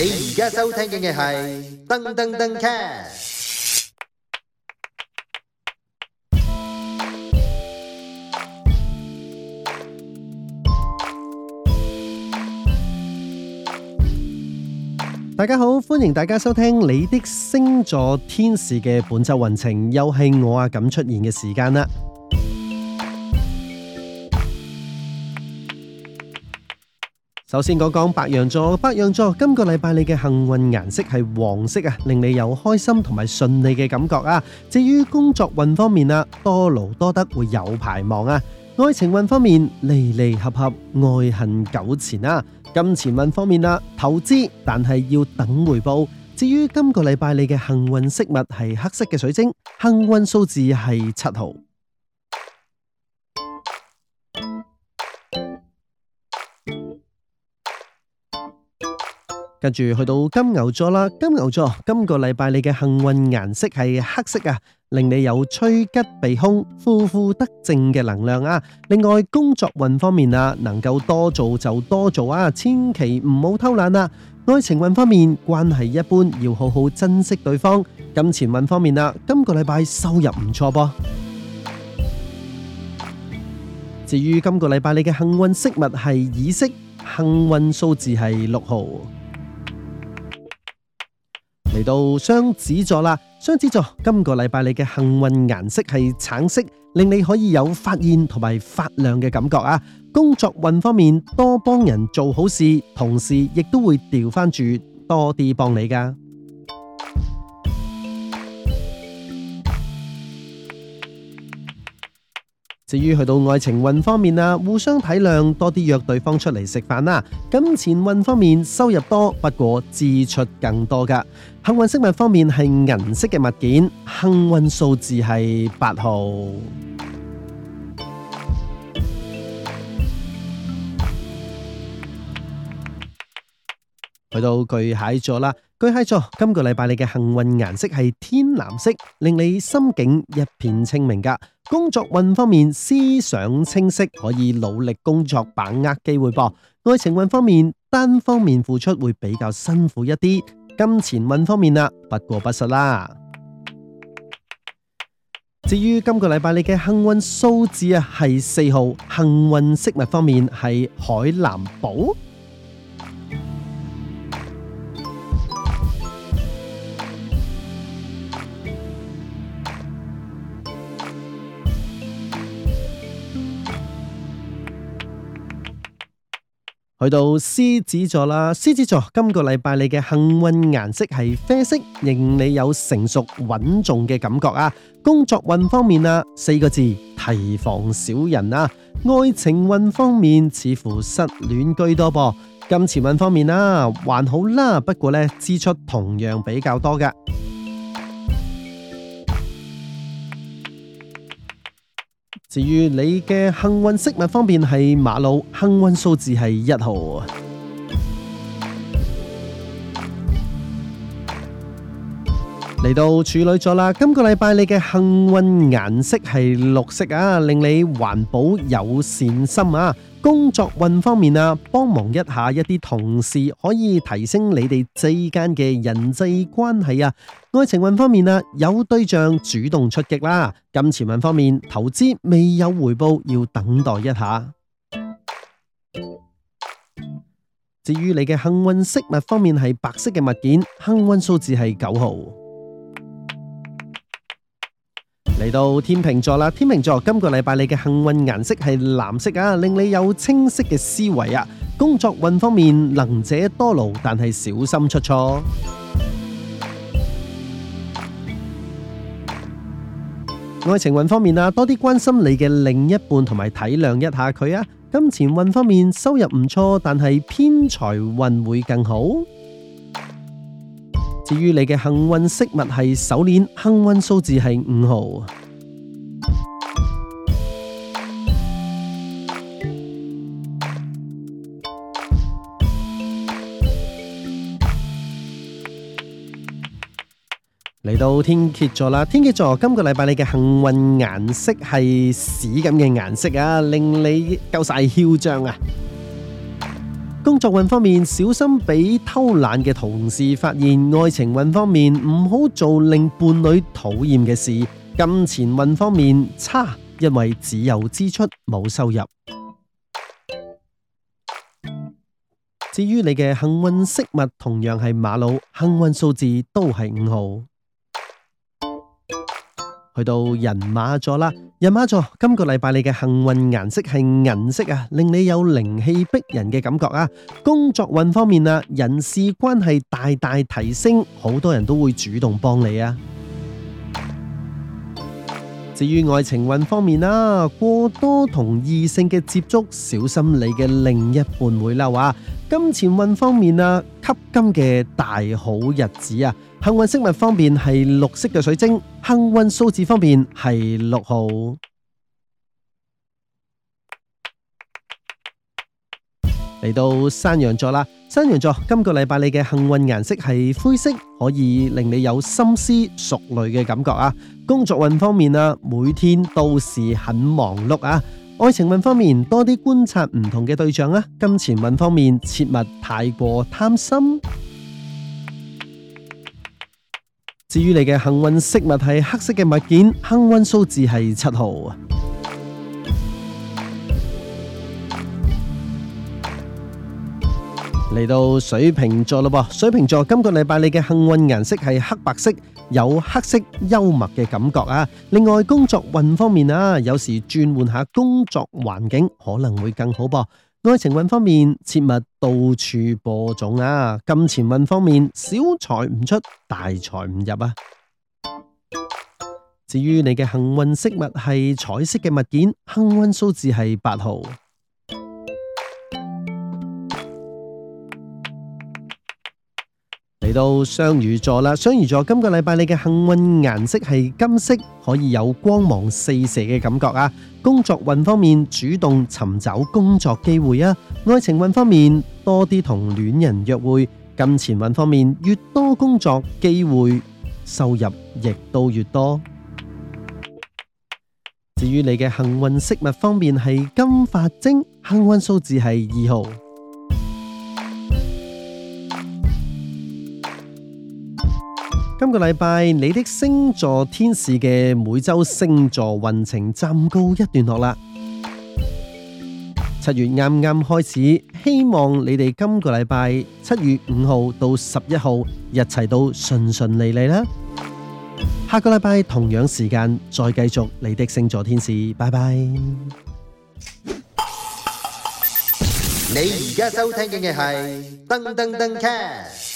你而家收聽嘅係《噔噔噔 cast》。大家好，歡迎大家收聽你的星座天使嘅本周運程，又係我阿感出現嘅時間啦。首先講講白羊座，白羊座今個禮拜你嘅幸運顏色係黃色啊，令你有開心同埋順利嘅感覺啊。至於工作運方面，多勞多得會有排忙啊。愛情運方面，離離合合，愛恨糾纏啊。金錢運方面，投資但係要等回報。至於今個禮拜你嘅幸運飾物係黑色嘅水晶，幸運數字係七號。跟住去到金牛座啦，金牛座今個禮拜你嘅幸運顏色係黑色啊，令你有趨吉避凶、負負得正嘅能量啊。另外工作運方面啊，能夠多做就多做啊，千祈唔好偷懶啊。愛情運方面關係一般，要好好珍惜對方。金錢運方面啊，今個禮拜收入唔錯噃。至於今個禮拜你嘅幸運飾物係耳飾，幸運數字係六號。嚟到雙子座啦，雙子座今個禮拜你嘅幸運顏色係橙色，令你可以有發熱同埋發亮嘅感覺啊！工作運方面，多幫人做好事，同事亦都會調返住多啲幫你㗎。至於去到愛情運方面啊，互相體諒，多啲約對方出嚟食飯啦。金錢運方面，收入多不過支出更多噶。幸運飾物方面係銀色嘅物件，幸運數字係八號。去到巨蟹座啦，巨蟹座今個禮拜你嘅幸運顏色係天藍色，令你心境一片清明噶。工作運方面，思想清晰，可以努力工作，把握機會噃。愛情運方面，單方面付出會比較辛苦一啲。金錢運方面啦，不過不失啦。至於今個禮拜你嘅幸運數字啊，係四號。幸運飾物方面係海藍寶。到獅子座啦，獅子座今個禮拜你嘅幸運顏色係啡色，令你有成熟穩重嘅感覺啊。工作運方面啊，四個字，提防小人啊。愛情運方面似乎失戀居多噃。金錢運方面啊，還好啦，不過呢支出同樣比較多㗎。於你嘅幸運飾物方面係瑪瑙，幸運數字係一號。嚟到處女座啦，今個禮拜你嘅幸運顏色係綠色啊，令你環保有善心啊。工作運方面啊，幫忙一下一啲同事，可以提升你哋之間嘅人際關係啊。愛情運方面啊，有對象主動出擊啦。金錢運方面，投資未有回報，要等待一下。至於你嘅幸運飾物方面係白色嘅物件，幸運數字係九號。嚟到天秤座啦，天秤座今個禮拜你嘅幸運顏色係藍色啊，令你有清晰嘅思維啊。工作運方面，能者多勞，但係小心出錯。愛情運方面啊，多啲關心你嘅另一半同埋體諒一下佢啊。金錢運方面，收入唔錯，但係偏財運會更好。至於你嘅幸運飾物係手鏈，幸運數字係五號。嚟到天蠍座啦，天蠍座今個禮拜你嘅幸運顏色係屎咁嘅顏色啊，令你夠晒囂張啊！工作運方面，小心俾偷懶嘅同事發現，愛情運方面，唔好做令伴侶討厭嘅事，金錢運方面差，因為只有支出冇收入。至於你嘅幸運飾物同樣係瑪瑙，幸運數字都係五號。去到人馬座啦，人馬座今個禮拜你嘅幸運顏色係銀色啊，令你有靈氣逼人嘅感覺啊。工作運方面啊，人事關係大大提升，好多人都會主動幫你啊。至於愛情運方面啦，過多同異性嘅接觸，小心你嘅另一半會嬲啊。金錢運方面啊，吸金嘅大好日子啊！幸運飾物方面係綠色嘅水晶，幸運數字方面係六號。嚟到山羊座啦，山羊座今個禮拜你嘅幸運顏色係灰色，可以令你有深思熟慮嘅感覺啊！工作運方面啊，每天都是很忙碌啊！愛情運方面多啲觀察唔同嘅對象啊，金錢運方面切勿太過貪心。至於你嘅幸運飾物係黑色嘅物件，幸運數字係七號啊。嚟到水瓶座喇噃，水瓶座今個禮拜你嘅幸運顏色係黑白色，有黑色幽默嘅感覺啊。另外工作運方面啊，有時轉換下工作環境可能會更好噃。愛情運方面，切勿到處播種啊。金錢運方面，小財唔出，大財唔入啊。至於你嘅幸運飾物係彩色嘅物件，幸運數字係八號。嚟到雙魚座啦，雙魚座今個禮拜你嘅幸運顏色係金色，可以有光芒四射嘅感覺啊！工作運方面，主動尋找工作機會啊！愛情運方面，多啲同戀人約會。金錢運方面，越多工作機會，收入亦都越多。至於你嘅幸運飾物方面，係金髮晶，幸運數字係二號。今個禮拜你的星座天使嘅每周星座運程暫告一段落啦。七月啱啱開始，希望你哋今個禮拜七月五號到十一號一齊都順順利利啦。下個禮拜同樣時間再繼續你的星座天使，拜拜。你而家收聽嘅係噔噔噔 c